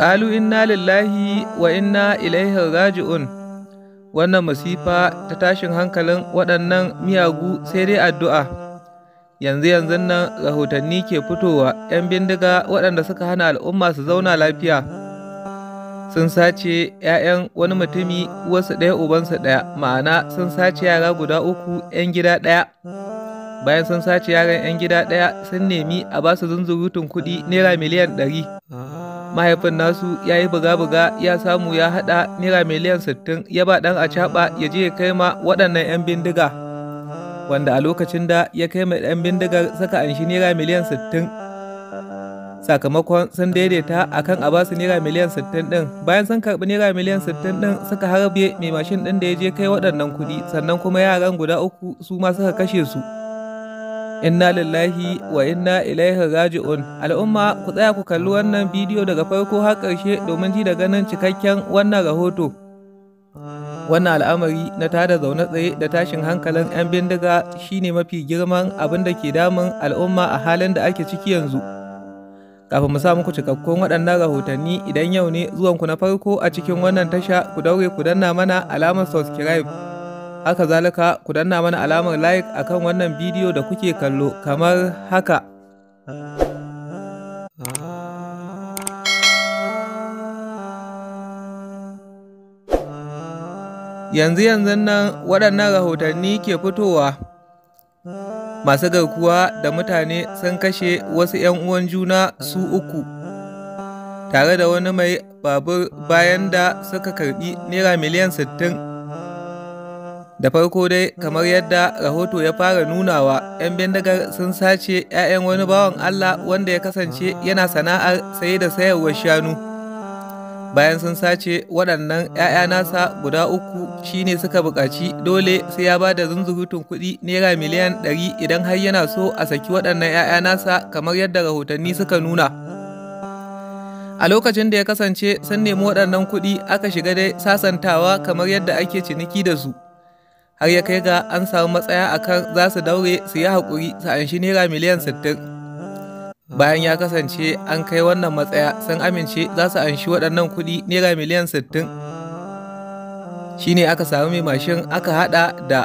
ƙalu inna lillahi wa inna ilaihi raji'un wannan masifa ta tashin hankalin waɗannan miyagu sai dai addu'a yanzu yanzu nan rahotanni ke fitowa 'yan bindiga waɗanda suka hana al'umma su zauna lafiya sun sace 'ya'yan wani mutumi wasu ɗaya ubansa ɗaya ma'ana sun sace yara guda uku 'yan gida ɗaya bayan sun sace yaran 'yan gida ɗaya sun nemi a basu zunzurutun kuɗi naira miliyan ɗari mahaifin nasu ya yi buga-buga ya samu ya haɗa naira miliyan sittin ya ba ɗan acaɓa ya je ya kai ma waɗannan 'yan bindiga wanda a lokacin da ya kai ma 'yan bindigar saka anshi naira miliyan sittin sakamakon sun daidaita a kan a basu naira miliyan sittin ɗin bayan sun karɓi naira miliyan sittin ɗin suka harbe mai mashin ɗin da ya je kai waɗannan kuɗi sannan kuma yaran guda uku su ma suka kashe su. inna lillahi wa inna ilaihi raji'un al'umma ku tsaya ku kalli wannan bidiyo daga farko har ƙarshe domin ji da ganin cikakken wannan rahoto wannan al'amari na tada zaune tsaye da tashin hankalin 'yan bindiga shine mafi girman abin da ke damun al'umma a halin da ake ciki yanzu kafin mu sa muku cikakkun waɗannan rahotanni idan yau ne zuwanku na farko a cikin wannan tasha ku daure ku danna mana alamar subscribe Aka zalika ku danna mana alamar like akan wannan bidiyo da kuke kallo kamar haka. Yanzu yanzu nan waɗannan rahotanni ke fitowa. Masu garkuwa da mutane sun kashe wasu 'yan uwan juna su uku, tare da wani mai babur bayan da suka karɓi Naira miliyan sittin. Da farko dai, kamar yadda rahoto ya fara nunawa, 'yan bindigar sun sace 'ya'yan wani bawan Allah wanda ya kasance yana sana'ar saye da sayarwar shanu. Bayan sun sace waɗannan 'ya'ya nasa guda uku shi ne suka buƙaci dole sai ya ba da zunzurutun kuɗi naira miliyan ɗari idan har yana so a saki waɗannan 'ya'ya nasa kamar yadda rahotanni suka nuna. a lokacin da ya kasance sun nemi waɗannan kuɗi aka shiga dai sasantawa kamar yadda ake ciniki da su. har ya kai ga an samu matsaya a kan za su daure su yi haƙuri su anshi naira miliyan sittin bayan ya kasance an kai wannan matsaya sun amince za su anshi waɗannan kuɗi naira miliyan sittin shine aka samu mai mashin aka haɗa da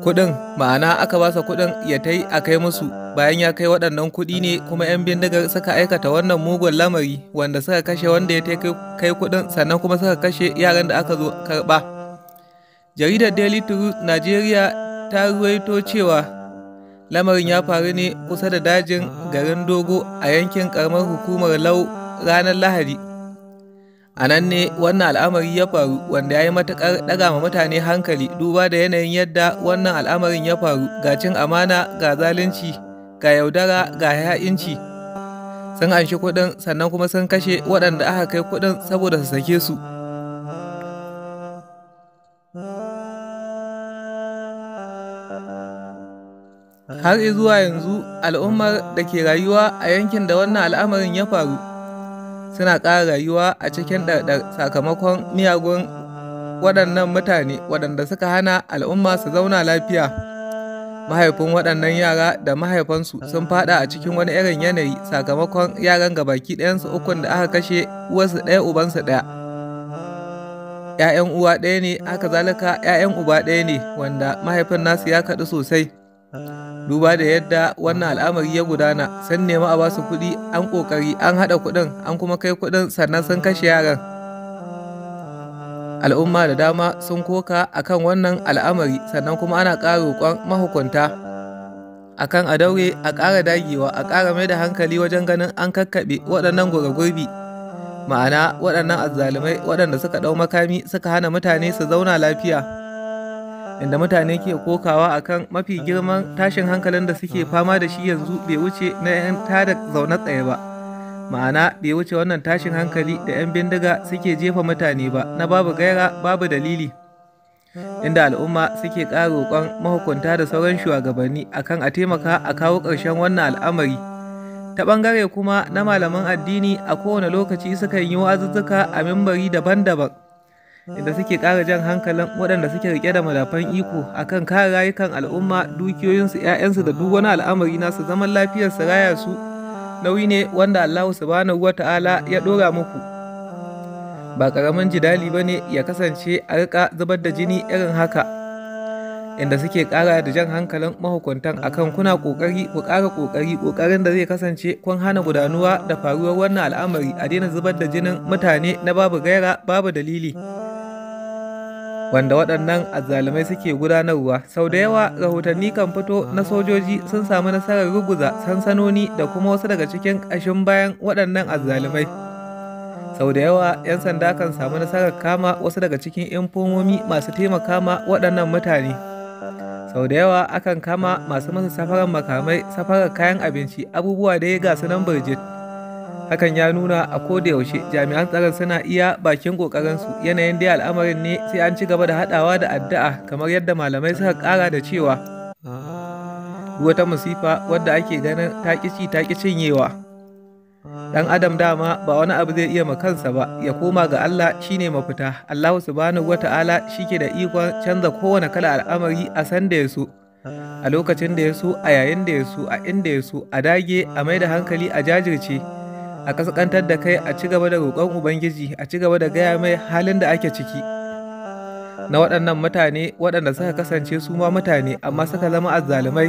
kuɗin ma'ana aka ba basa kuɗin ya tai a kai musu bayan ya kai waɗannan kuɗi ne kuma 'yan bindigar suka aikata wannan mugun lamari wanda suka kashe wanda ya kai kuɗin sannan kuma suka kashe yaran da aka zo karɓa. jaridar daily trust nigeria ta ruwaito cewa lamarin ya faru ne kusa da dajin garin dogo a yankin karamar hukumar lau ranar lahadi a nan ne wannan al'amari ya faru wanda ya yi matuƙar ɗaga ma mutane hankali duba da yanayin yadda wannan al'amarin ya faru ga cin amana ga zalunci ga yaudara ga ya'inci sun anshi kuɗin sannan kuma sun kashe waɗanda aka kai kuɗin saboda su sake su har zuwa yanzu al'ummar da ke rayuwa a yankin da wannan al'amarin ya faru suna ƙara rayuwa a cikin ɗarɗar sakamakon miyagun waɗannan mutane waɗanda suka hana al'umma su zauna lafiya mahaifin waɗannan yara da mahaifansu sun fada a cikin wani irin yanayi sakamakon yaran ga baki ɗayansu ukun da aka kashe uwarsu ɗaya ubansu ɗaya ‘ya'yan uwa ɗaya ne haka zalika ‘ya'yan uba ɗaya ne wanda mahaifin nasu ya kaɗu sosai duba da yadda wannan al'amari ya gudana sun nema a basu kuɗi an ƙoƙari an haɗa kuɗin an kuma kai kuɗin sannan sun kashe yaran al'umma da dama sun koka akan wannan al'amari sannan kuma ana ƙara roƙon mahukunta akan a daure a ƙara dagewa a ƙara mai da hankali wajen ganin an kakkaɓe waɗannan gurgurbi ma'ana waɗannan azzalumai waɗanda suka ɗau makami suka hana mutane su zauna lafiya inda mutane ke kokawa akan mafi girman tashin hankalin da suke fama da shi yanzu bai wuce na 'yan tada zaune tsaye ba ma'ana bai wuce wannan tashin hankali da 'yan bindiga suke jefa mutane ba na babu gaira babu dalili inda al'umma suke ƙara roƙon mahukunta da sauran shugabanni akan a taimaka a kawo ƙarshen wannan al'amari ta ɓangare kuma na malaman addini a kowane lokaci sukan yi wa'azuzzuka a mimbari daban-daban inda suke ƙara jan hankalin waɗanda suke rike da madafan iko akan kare rayukan al'umma dukiyoyinsu 'ya'yansu da duk wani al'amari nasu zaman lafiyar su raya su nauyi ne wanda Allahu subhanahu ta'ala ya ɗora muku ba ƙaramin jidali ba ne ya kasance a riƙa zubar da jini irin haka inda suke ƙara da jan hankalin mahukuntan akan kuna ƙoƙari ku ƙara ƙoƙari ƙoƙarin da zai kasance kun hana gudanuwa da faruwar wannan al'amari a daina zubar da jinin mutane na babu gaira babu dalili wanda waɗannan azzalumai suke gudanarwa sau da yawa rahotanni kan fito na sojoji sun samu nasarar ruguza sansanoni da kuma wasu daga cikin ƙashin bayan waɗannan azzalumai sau da yawa 'yan sanda kan samu nasarar kama wasu daga cikin 'yan fomomi masu taimaka ma waɗannan mutane sau da yawa akan kama masu masa safarar makamai safarar kayan abinci abubuwa da ya gasu nan birjit hakan ya nuna a ko da yaushe jami'an tsaron suna iya bakin kokarinsu yanayin dai al'amarin ne sai an ci gaba da hadawa da addu'a kamar yadda malamai suka kara da cewa wata musifa wadda ake ganin takici taki cinyewa dan adam dama ba wani abu zai iya kansa ba ya koma ga Allah shine mafita Allah subhanahu wata'ala shike da ikon canza kowane kala al'amari a san ya yasu a lokacin da ya a yayin da ya a inda ya a dage a mai da hankali a jajirce a ƙasƙantar da kai a ci gaba da roƙon ubangiji a cigaba da gaya mai halin da ake ciki na waɗannan mutane waɗanda suka kasance su ma mutane amma suka zama azzalumai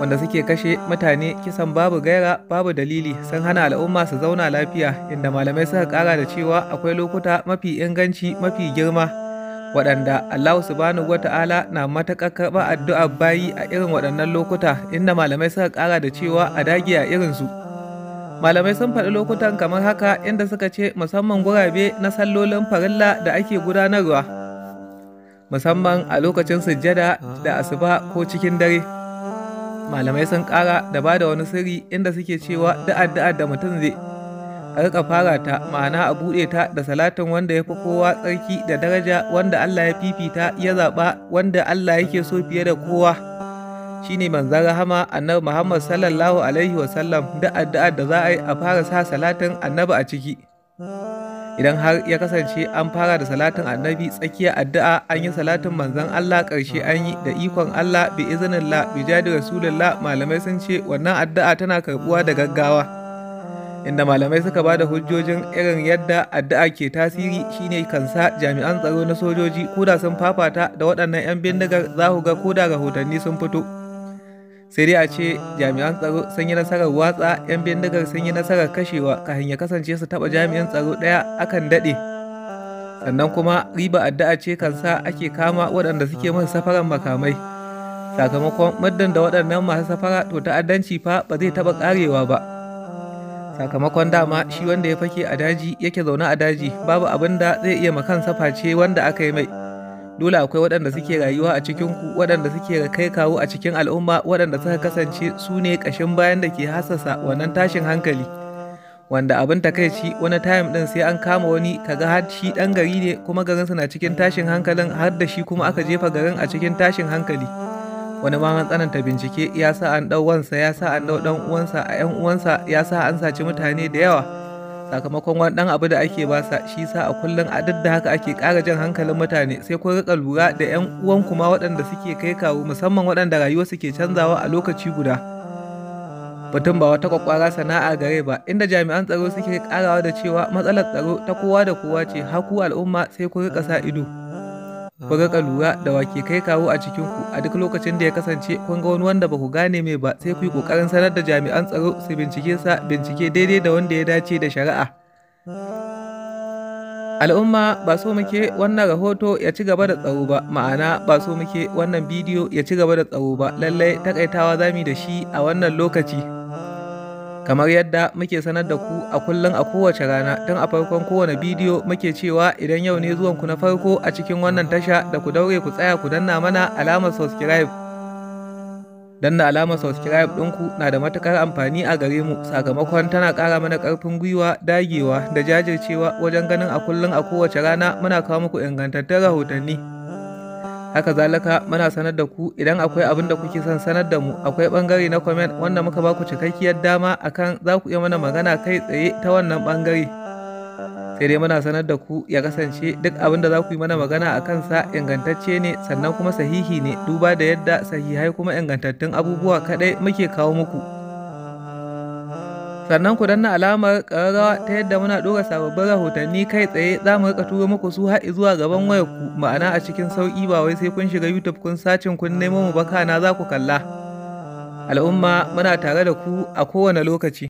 wanda suke kashe mutane kisan babu gaira babu dalili sun hana al'umma su zauna lafiya inda malamai suka ƙara da cewa akwai lokuta mafi inganci mafi girma waɗanda Allah subhanahu wata'ala na matakar karɓar addu'a bayi a irin waɗannan lokuta inda malamai suka ƙara da cewa a dage a su. malamai sun faɗi lokutan kamar haka inda suka ce musamman gurabe na sallolin farilla da ake gudanarwa musamman a lokacin sujjada da asuba ko cikin dare malamai sun ƙara da ba da wani sirri inda suke cewa da'adda'a da mutum zai a rika fara ta ma'ana a buɗe ta da salatin wanda ya fi kowa tsarki da daraja wanda Allah ya fifita ya zaɓa wanda Allah yake so fiye da kowa shine manzan rahama annabi Muhammad sallallahu alaihi wasallam da addu'a da za a yi a fara sa salatin annabi a ciki idan har ya kasance an fara da salatin annabi tsakiya addu'a an yi salatin manzan Allah ƙarshe an yi da ikon Allah bi izinin bi jadi rasulullah malamai sun ce wannan addu'a tana karbuwa da gaggawa inda malamai suka ba da hujjojin irin yadda addu'a ke tasiri shine kansa jami'an tsaro na sojoji koda sun fafata da waɗannan 'yan bindigar za ku ga koda rahotanni sun fito sai dai a ce jami'an tsaro sun yi nasarar watsa 'yan bindigar sun yi nasarar kashewa kafin ya kasance su taba jami'an tsaro daya akan daɗe sannan kuma riba addu'a ce kansa ake kama waɗanda suke masu safaran makamai sakamakon muddin da waɗannan masu safara to ta'addanci fa ba zai taɓa ƙarewa ba sakamakon dama shi wanda ya fake a daji yake zaune a daji babu abin da zai iya makan saface wanda aka yi mai dole akwai waɗanda suke rayuwa a cikin ku waɗanda suke kai kawo a cikin al'umma waɗanda suka kasance su ne ƙashin bayan da ke hasasa wannan tashin hankali wanda abin takaici wani time ɗin sai an kama wani kaga har shi ɗan gari ne kuma garin na cikin tashin hankalin har da shi kuma aka jefa garin a cikin tashin hankali wani ma tsananta bincike ya sa an ɗau wansa ya sa an ɗau ɗan uwansa a 'yan uwansa ya sa an saci mutane da yawa sakamakon wani dan abu da ake basa shi sa a kullum a duk da haka ake ƙara jan hankalin mutane sai kun rika lura da ƴan uwan kuma waɗanda suke kai kawo musamman waɗanda rayuwa suke canzawa a lokaci guda Batun ba wata kwakwara sana'a gare ba inda jami'an tsaro suke karawa da cewa matsalar tsaro ta kowa da kowa ce haku al'umma sai kun rika sa ido ku ga lura da wake kai kawo a cikin ku a duk lokacin da ya kasance kun ga wani wanda ba ku gane mai ba sai ku yi kokarin sanar da jami'an tsaro su bincike sa bincike daidai da wanda ya dace da shari'a al'umma ba so muke wannan rahoto ya ci gaba da tsaro ba ma'ana ba so muke wannan bidiyo ya ci gaba da tsaro ba lallai takaitawa zamu da shi a wannan lokaci Kamar yadda muke sanar da ku a kullum a kowace rana tun a farkon kowane bidiyo muke cewa idan yau ne zuwanku na farko a cikin wannan tasha da ku daure ku tsaya ku danna mana alamar subscribe. Danna alamar subscribe ɗinku na da matuƙar amfani a gare mu sakamakon tana ƙara mana ƙarfin gwiwa dagewa da jajircewa wajen ganin a kullum a kowace rana muna kawo muku ingantattun rahotanni. haka zalika muna sanar da ku idan akwai abin da kuke son sanar da mu akwai bangare na comment wanda muka ba cikakkiyar dama akan za ku iya mana magana kai tsaye ta wannan bangare sai dai muna sanar da ku ya kasance duk abin da za ku yi mana magana a kansa ingantacce ne sannan kuma sahihi ne duba da yadda sahihai kuma ingantattun abubuwa kaɗai muke kawo muku. sannan ku danna alamar ƙararrawa ta yadda muna ɗora sababbin rahotanni kai tsaye za mu rika turo muku su har zuwa gaban wayar ku ma'ana a cikin sauƙi ba wai sai kun shiga youtube kun sacin kun nemo mu ba kana za ku kalla al'umma muna tare da ku a kowane lokaci